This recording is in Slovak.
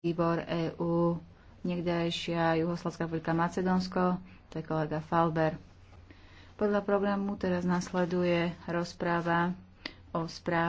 výbor EÚ, niekdajšia Juhoslavská republika Macedónsko, to je kolega Falber. Podľa programu teraz nasleduje rozpráva o správe